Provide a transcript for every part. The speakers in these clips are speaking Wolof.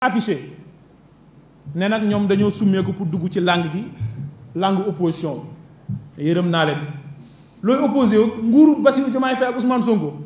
affiché ne nag ñoom dañoo summeeku pour dugg ci langue gi langue opposition yërëm naa leen looy opposé wu nguuru Bassirou Diomaye Faye ak Ousmane Sonko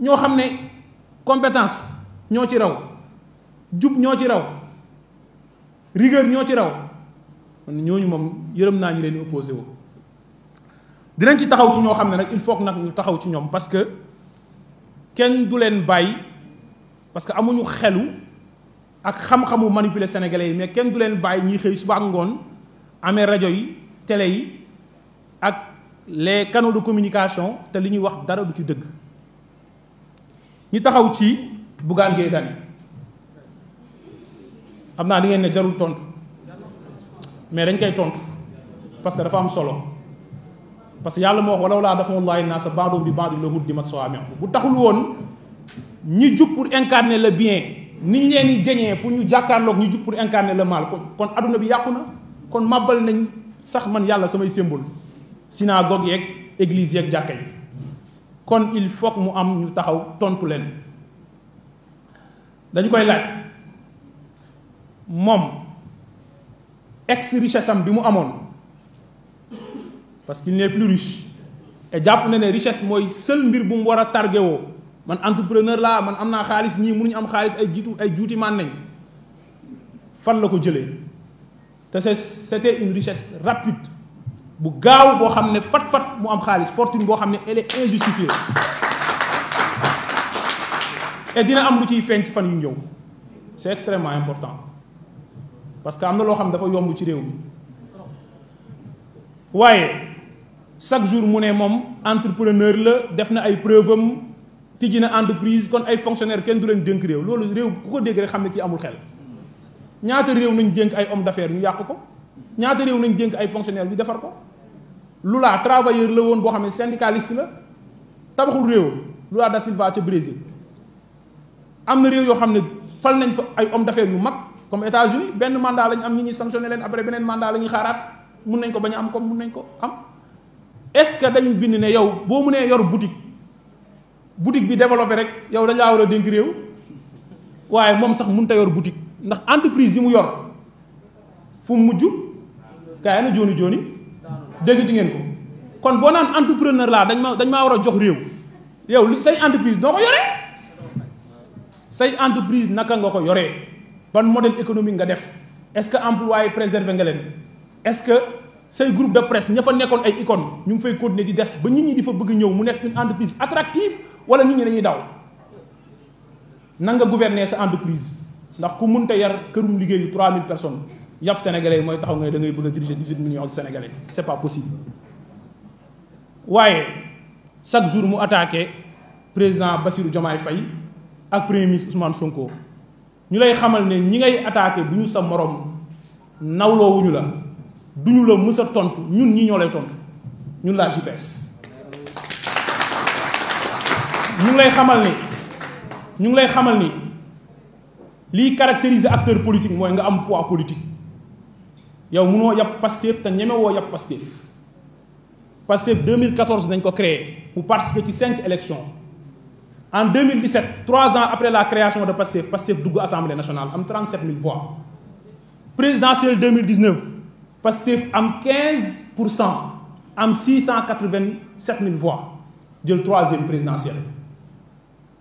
ñoo xam ne compétence ñoo ci raw jub ñoo ci raw rigueur ñoo ci raw man ñooñu moom yërëm naa ñu leen opposé wu dinañ ci taxaw ci ñoo xam ne nag il faut que nag ñu taxaw ci ñoom parce que kenn du leen bàyyi parce que amuñu xelu ak xam-xamu manipuler sénégalais yi mais kenn du leen bàyyi ñuy xëy suba ak ngoon amee rajo yi télé yi ak les canaux de communication te li ñuy wax dara du ci dëgg ñi taxaw ci Bougane Gueye Dany xam naa di ngeen ne jarul tontu mais dañ koy tontu parce que dafa am solo parce que yàlla moo wax walaw laa dafa'u-llaahi n-naasa ba'dahum bi ba'din la huddimats sawâmi' bu taxul woon ñi jub pour incarner le bien niñ leen di jañee pour ñu jàkkaarlook ñu jub pour incarner le mal kon kon bi yàqu na kon màbbal nañ sax man yàlla samay sémbool synagogue yeeg église ak jàkka yi kon il faut mu am ñu taxaw tontu leen dañu koy laaj moom ex richesse am bi mu amoon parce qu'il n'est plus riche et jàpp na ne richesse mooy seul mbir bu mu war a targewoo man entrepreneur laa man am naa xaalis ñii ñu am xaalis ay jiitu ay juuti man nañ fan la ko jëlee te c'était une richesse rapide bu gaaw boo xam ne fat-fat mu am xaalis fortune boo xam ne elle in injustifiée et dina am lu ciy feeñ ci fan yu ñëw c'est extrêmement important parce que am na loo xam ne dafa yomb ci réew mi waaye chaque jour mu ne moom entrepreneur la def na ay preuve am tijji na entreprise kon ay fonctionnaire kenn du leen dénk réew loolu réew ku ko dégg rek xam ne kii amul xel ñaata réew nañ dénk ay homme d'affaires ñu yàq ko ñaata réew nañ dénk ay fonctionnaire ñu defar ko Lula travailleur la woon boo xam ne syndicaliste la tabaxul réew Lula da Silva ca Brésil am na réew yoo xam ne fal nañu fa ay homme d'affaires yu mag comme États-Unis benn mandat lañ am ñi ñuy sanctionné leen après beneen mandat la ñuy xaaraat mun nañ ko bañ a am ko mun nañ ko am est-ce que dañu bind ne yow boo mënee yor boutique. boutique bi développé rek yow dañ laa war a dénk réew waaye moom sax mënut a yor boutique ndax entreprise yi mu yor fu mu mujj kaay na jooni jooni dégg ci ngeen ko kon boo naan entrepreneur laa dañ ma dañ maa war a jox réew yow li say entreprise noo ko yoree say entreprise naka nga ko yoree ban modèle économique nga def est-ce que emploi yi préserver leen est-ce que say groupe de presse ña fa nekkoon ay icône ñu ngi fay continuer di des ba nit ñi di fa bëgg ñëw mu nekk une entreprise wala ñu ñi dañuy daw na nga gouverner sa entreprise ndax ku mënta yar kërum liggéeyu 3000 personnes yàpp sénégalais yi mooy taxaw nga ne da ngay bëgg a diriger 18 millions de sénégalais c'est pas possible waaye chaque jour mu attaqué président Bassirou Diomaye fay ak premier ministre Ousmane Sonko ñu lay xamal ne ñi ngay attaqué du ñu sa morom nawloowuñu la duñu la mës a tontu ñun ñi ñoo lay tontu ñun la JPS ñu ngi lay xamal ni ñu ngi lay xamal ni liy caractériser acteur politique mooy nga am poids politique yow munoo yàpp Pastef te ñemewoo yàpp deux mille 2014 nañ ko créé mu participer ci cinq élections en deux mille 2017 trois ans après la création de Pastef Pastef dugg assemblée nationale am 37000 voix présidentielle 2019 Pastef am 15 pour cent am 687000 voix jël troisième présidentielle.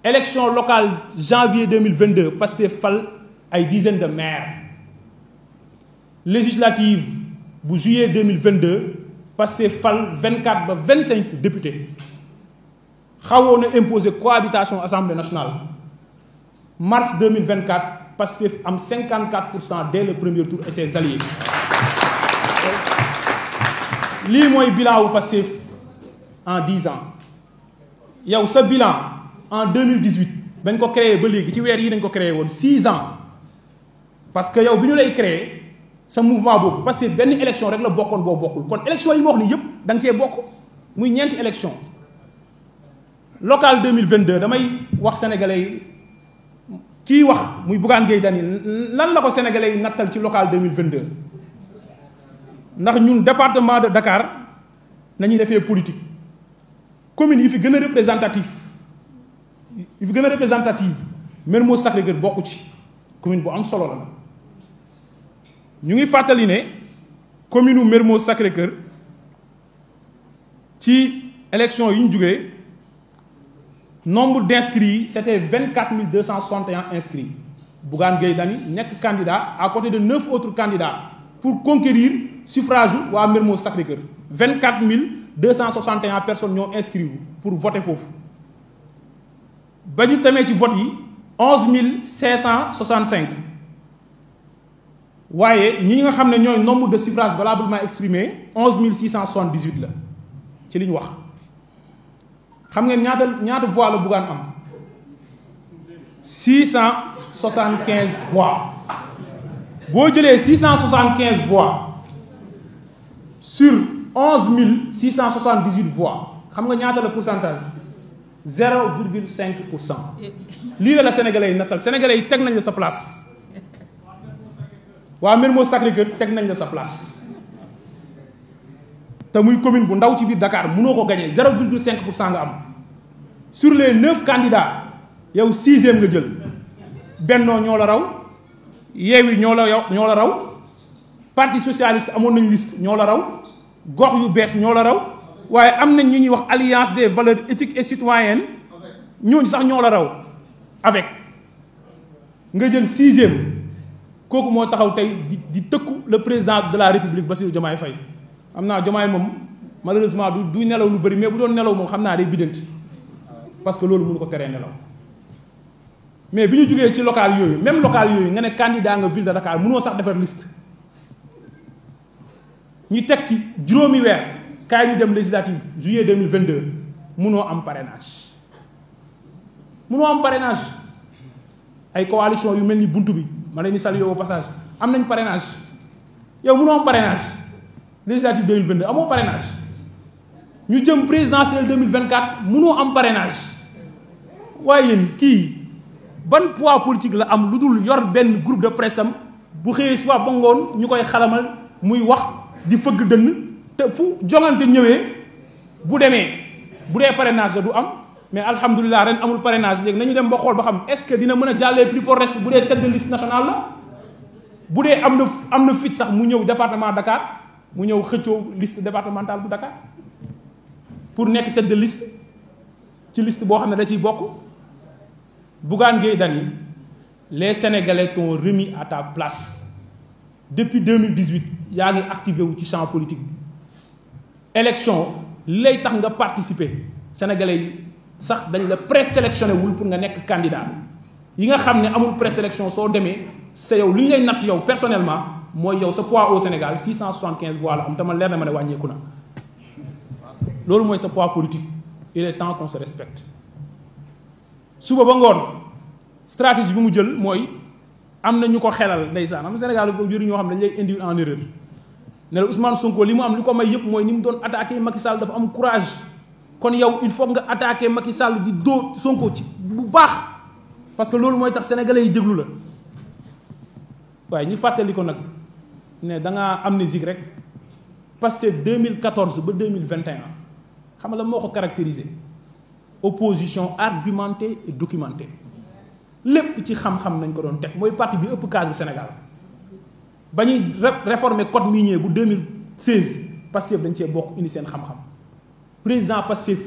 élection locale janvier 2022 passé fal ay dizaine de maire législative bu juillet 2022 passé fal 24 ba 25 députés xawoon na imposer cohabitation assemblée nationale mars 2024 Pastef am 54 pour cent dès le premier tour et ses alliés lii mooy bilan wu Pastef en 10 ans yow sa bilan en 2018 bañ ko créé ba léegi ci weer yi dañ ko créé woon six ans parce que yow bi ñu lay créé sa mouvement boobu parce que benn élection rek la bokkoon boo bokkul kon élection yi ma wax ni yëpp da nga cee bokk muy ñeenti élection local 2022 damay wax sénégalais yi kii wax muy Bougane Gueye Dany lan la ko sénégalais yi nattal ci local 2022 ndax ñun département de Dakar nañuy defee politique commune yi fi gën a représentatif yu fi gën a représentative Mermoz Sacré-Cœur bokku ci commune bu am solo la nag ñu ngi fàttali ne commune u Mermoz Sacré-Cœur ci élection yi ñu jugee nombre d' inscrits yi c' était vingt quatre mille deux cent soixante et un inscrits Bougane Gueye Dany nekk candidat à côté de neuf autres candidats pour conquérir suffrage u waa Mermoz Sacré-Cœur vingt quatre mille deux cent soixante et un personnes ñoo inscrits pour voter foofu ba ñu tamee ci vote yi onze mille cinq cent soixante cinq waaye ñi nga xam ne ñooy nombre de suffrages valablement exprimé onze mille six cent soixante dix huit la ci li ñu wax xam nga ñaata ñaata voix la Bougane am six cent soixante quinze jëlee six cent soixante quinze voix sur onze mille six cent soixante dix xam nga ñaata la pourcentage. zéro virgule cinq pour cent lii la la sénégalais yi nattal sénégalais yi teg nañ la sa place waa Mermoz Sacré-Cœur teg nañ la sa place te muy commune bu ndaw ci biir Dakar munoo ko gañee zéro virgule cinq pour cent nga am sur les neuf candidats yow sixième nga jël bennoo ñoo la raw yeewi ñoo la yow ñoo la raw parti socialiste amoon nañ liste ñoo la raw gox yu bees ñoo la raw waaye am nañ ñu ñuy wax alliance des valeurs éthiques et citoyennes ñooñu sax ñoo la raw avec nga jël sixième kooku moo taxaw tey di di tëkku le président de la république Bassirou Diomaye fay am naa Diomaye moom malheureusement du du nelaw lu bëri mais bu doon nelaw moom xam naa day biddanti parce que loolu mënu ko teree nelaw mais bi ñu jógee ci local yooyu même local yooyu nga ne candidat nga ville de Dakar mënoo sax defar liste ñu teg ci juróomi weer kaay ñu dem législative juillet deux mille vingt deux munoo am parrainage munoo am parrainage ay coalition yu mel ni bunt bi ma leen di saluer passage am nañ parrainage yow munoo am parrainage législative deux mille vingt deux amoo parrainage ñu jëm présidentielle deux mille vingt quatre munoo am parrainage waaye yéen kii ban poids politique la am lu dul yor benn groupe de presse am bu xëyee suba ba ngoon ñu koy xalamal muy wax di fëgg dënn. te fu jongante ñëwee bu demee bu dee parenage la du am mais alhamdulilah ren amul parrainage léegi nañu dem ba xool ba xam est-ce que dina mën a jàllee plus fort reste bu dee tête de liste la bu dee am na am na fit sax mu ñëw département Dakar mu ñëw xëccoo liste départementale bu Dakar pour nekk tête de liste ci liste boo xam ne da ciy bokk Bougane Gueye Dany les Sénégalais t'ont remis à ta place depuis 2018 yaa ngi activé wu ci champ politique li lay tax nga participer sénégalais sax dañ la présélectionné wul pour nga nekk candidat yi nga xam ne amul présélection soo demee sa yow li ñu lay natt yow personnellement mooy yow sa pois au Sénégal 675 voix la am dama leer na ma ne wàññeeku na loolu mooy sa pois politique il est temps qu'on suba ba ngoon stratégie bi mu jël mooy am na ñu ko xelal ndeysaan am Sénégal jëriñ ñoo xam ne dañ lay indi en erreur. ne la Sonko li mu am li ko may yëpp mooy ni mu doon attaqué Macky Sall dafa am courage kon yow il faut nga attaqué Macky sàll di dóor Sonko ci bu baax parce que loolu mooy tax sénégalais yi déglu la waaye ñu fàttali ko nag ne da ngaa amnésique rek deux Pastef 2014 ba mille vingt 2021 xam nga la moo ko caractérisé opposition argumentée et documentée lépp ci xam-xam nañ ko doon teg mooy parti bi ëpp cadre Sénégal. ba ñuy réformer code minier bu mille 2016 Pastef dañ see bokk indi seen xam-xam président Pastef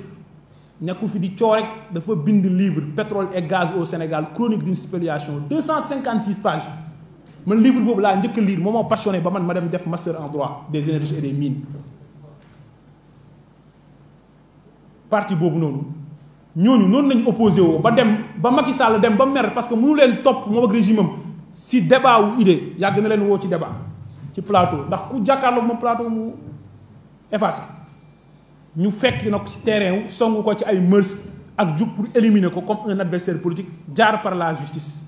nekkul fi di coo dafa bind livre pétrole et gaz au Sénégal chronique cent spoliation 256 pages man livre boobu laa njëkk liir lire moom moo passionné ba man ma dem def master en droit des énergies et des mines parti boobu noonu ñooñu noonu lañu opposé woo ba dem ba Macky Sall dem ba mer parce que mënu leen topp moom ak régime si débat wu idée yàgg na leen woo ci débat ci plateau ndax ku jàkkaarloo moom plateau mu effacé ñu fekk na ko si terrain wu songu ko ci ay mërs ak jug pour éliminer ko comme un adversaire politique jaar par la justice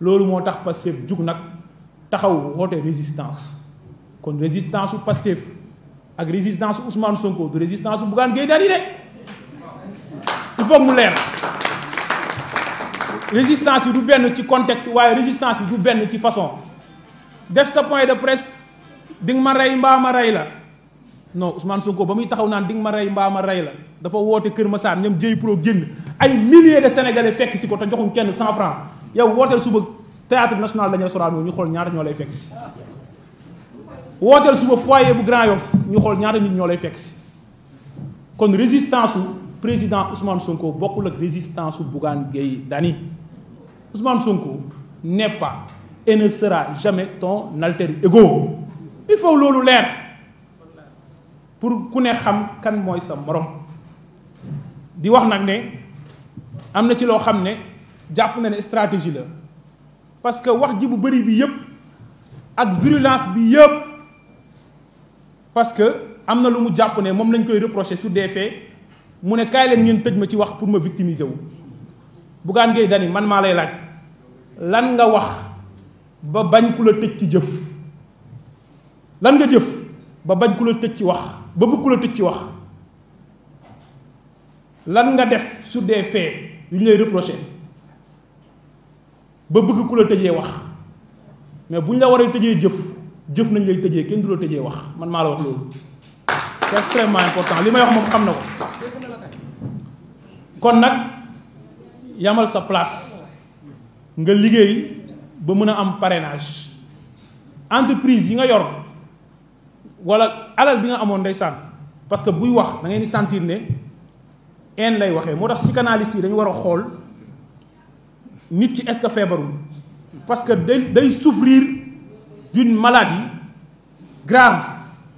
loolu moo tax Pastef jug nag taxaw woote résistance kon résistance su Pastef ak résistance Ousmane Sonko du résistance su Bougane Gueye Dany de il faut mu leer résistance yi du benn ci contexte waaye résistance yi du benn ci façon def sa point de presse di nga ma rey mbaa ma rey la non Ousmane Sonko ba muy taxaw naan di nga ma rey mbaa ma rey la dafa woote Kër Massar ñoom jëy pro génn ay milliers de sénégalais fekk si ko te joxuñ kenn cent franc yow wooteel suba théâtre national dañoo Sorano ñu xool ñaata ñoo lay fekk si. wooteel suba foyer bu Grand Yoff ñu xool ñaata nit ñoo lay fekk si kon résistance su président Ousmane Sonko bokkul ak résistance su Bougane Gueye Dany Ousmane Sonko n'est pas et ne sera jamais ton alter ego il faut loolu leer pour ku ne xam kan mooy sa morom di wax nag ne am na ci loo xam ne jàpp na ne stratégie la parce que wax ji bu bëri bi yëpp ak virulence bi yëpp parce que am na lu mu jàpp ne moom lañ koy reprocher sur des faits mu ne kaay leen ngeen tëj ma ci wax pour ma victimiser wu. Bougane Gueye Dany man maa lay laaj lan nga wax ba bañ ku la tëj ci jëf lan nga jëf ba bañ ku la tëj ci wax ba bëgg ku la tëj ci wax lan nga def sur des yu ñu lay reproché ba bëgg ku la tëjee wax mais bu ñu la waree tëjee jëf jëf nañ lay tëjee kenn du la tëjee wax man maa la wax loolu c'est extrêmement important li may wax moom xam na ko kon nag yamal sa place nga liggéey ba mën a am parrainage entreprise yi nga yor walla alal bi nga amoon ndeysaan parce que buy wax da ngeen di sentir ne en lay waxee moo tax psychanalyste yi dañu war a xool nit ki est-ce feebarul parce que day day souffrir d'une maladie grave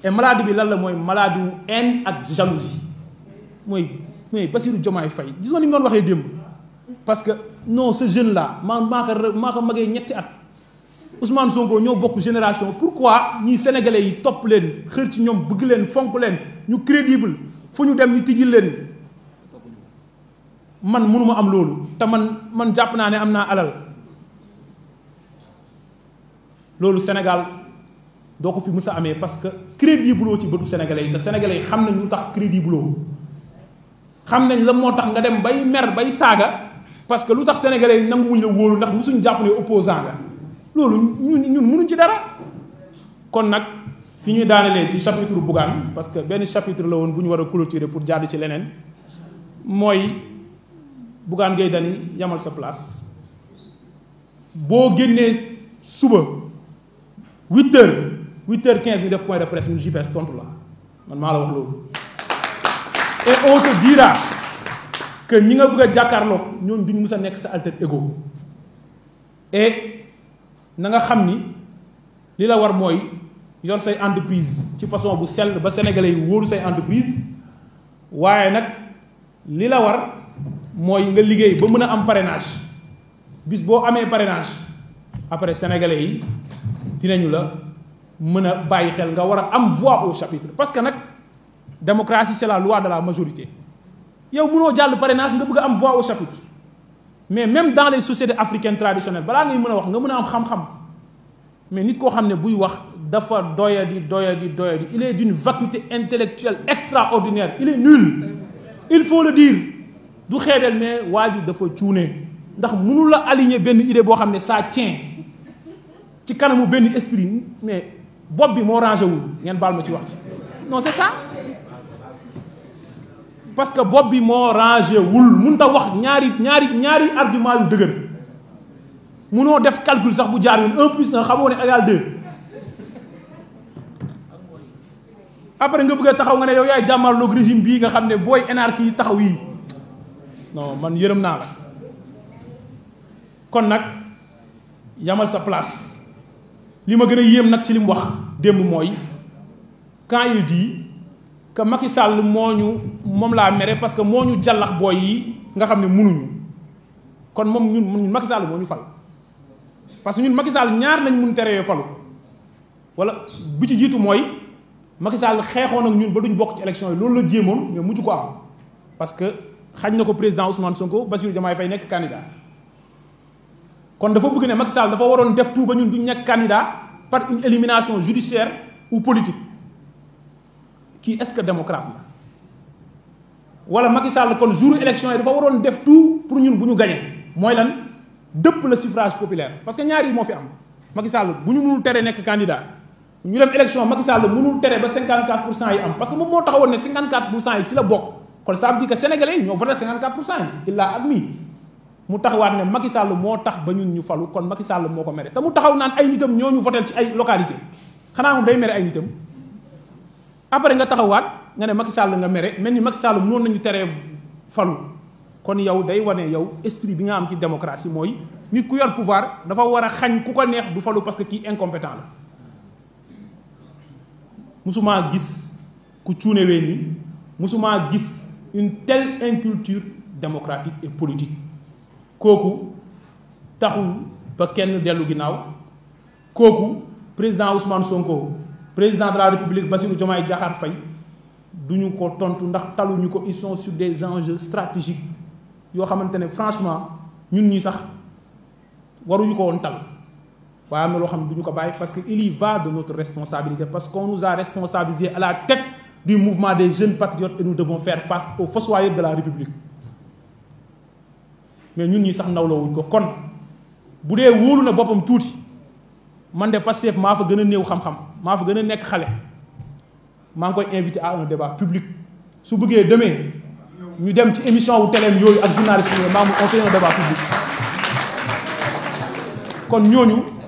et maladie bi lan la mooy maladie wu haine ak jalousie mooy mooy Bassirou Diomaye Faye gis nga ni mu doon waxee démb. parce que non ce jeune là maa maa ko maa ko magee ñetti at Ousmane Sonko ñoo bokk génération pourquoi ñii sénégalais yi topp leen xër ci ñoom bëgg leen fonk leen ñu crédible fu ñu dem ñu tijji leen man mënuma am loolu te man man jàpp naa ne am naa alal loolu Sénégal doo ko fi mës a amee parce que crédible ci bëtu sénégalais yi te sénégalais xam nañ ñu tax crédible xam nañ la moo tax nga dem bay mer bay saaga parce que lu tax sénégalais yi nanguwuñ la wóolu ndax musuñ jàpp ne opposant nga loolu ñun ñun mënuñ ci dara kon nag fi ñuy daanelee ci chapitre Bougane parce que benn chapitre la woon bu ñu war a clôturer pour jàdd ci leneen mooy Bougane Gueye yamal sa place boo génnee suba huit heures huit heures quinze ñu def point de presse ñu JPS tontu la man maa la wax loolu et on te que ñi nga bëgg a jàkkaarloog ñoom duñu mus a nekk sa alter ego et na nga xam ni li la war mooy yor say entreprise ci façon bu sell ba sénégalais yi wóoru say entreprise waaye nag li la war mooy nga liggéey ba mën a am parrainage bis boo amee parrainage après sénégalais yi dinañu la mën a bàyyi xel nga war a am voix au chapitre parce que nag démocratie c'est la loi de la majorité yow mënoo jàll parrainage nga bëgg am voix au mais même dans les sociétés africaines traditionnelles balaa ngay mën a wax nga mën a am xam-xam mais nit koo xam ne buy wax dafa doya di doya di doya di il est d'une vacuité intellectuelle extraordinaire il est nul il faut le dire du xeebeel mais waa ji dafa cuune ndax mënu la aligner benn idée boo xam ne ça tient ci kanamu benn esprit mais bopp bi moo rangé wul ngeen baal ma ci wax ci non c'est ça parce que bopp bi moo rangé wul mënut a wax ñaari ñaari ñaari argument yu dëgër munoo def calcul sax bu jaar yoon un plus un xamoo ne égal deux après nga bëggee taxaw nga ne yow yaay jàmmarloog régime bii nga xam ne booy énarque yi taxaw yi man yërëm naa la kon nag yamal sa place li ma gën a yéem nag ci li wax démb mooy quand il dit que Macky Sall moo ñu moom laa mere parce que moo ñu jàllax booy yi nga xam ne munuñu kon moom ñun ñun Macky Sall moo ñu fal parce que ñun Macky Sall ñaar lañ mun terewee falu wala bi ci jiitu mooy Macky Sall xeexoon ak ñun ba duñ bokk ci élection yi loolu la jéemoon mais mujj ko am parce que xañ na ko président Ousmane Sonko Bassirou damay Faye nekk candidat kon dafa bëgg ne Macky Sall dafa waroon def tout ba ñun duñ nekk candidat par une élimination judiciaire ou politique kii est-ce que démocrate la wala Macky Sall kon jour élection yi dafa waroon def tout pour ñun bu ñu gañee mooy lan dëpp la suffrage populaire parce que ñaari moo fi am Macky Sall bu ñu mënul tere nekk candidat ñu dem élection Macky Sall mënul tere ba 54 pour cent yi am parce que moom moo taxawoon ne 54 pour cent yi ci la bokk kon ça veut dire que sénégalais yi ñoo voté 54 pour cent yi il l'a admis mu taxawaat ne Macky Sall moo tax ba ñun ñu falu kon Macky Sall moo ko mere te mu taxaw naan ay nitam ñoo ñu voté ci ay localité xanaa moom day mere ay nitam. après nga taxawaat nga ne Macky Sall nga mere mel ni Macky Sall mënoon nañu teree falu kon yow day wane yow esprit bi nga am ci démocratie mooy nit ku yor pouvoir dafa war a xañ ku ko neex du falu parce que kii incompétent la musuma gis ku cuunewee nii musuma gis une telle inculture démocratique et politique kooku taxul ba kenn dellu ginnaaw kooku président Ousmane Sonko président de la république Bassirou Diomaye Diakhar fay du ñu ko tontu ndax taluñu ko ils sont des enjeux stratégiques yoo xamante ne franchement ñun ñi sax waruñu ko woon tal waaye am loo xam ne du ko bàyyi parce que il y va de notre responsabilité parce qu'on nous a responsabilisé à la tête du mouvement des jeunes patriotes et nous devons faire face aux fossoyeurs de la république mais ñun ñi sax nawlawuñ ko kon bu dee wóolu na boppam tuuti man de Pastef maa fa gën a néew xam maa fa gën a nekk xale maa ngi koy invité à un débat public su buggee demee ñu dem ci émission wu téléem yooyu ak journaliste yooyu maa mu on un débat public kon ñooñu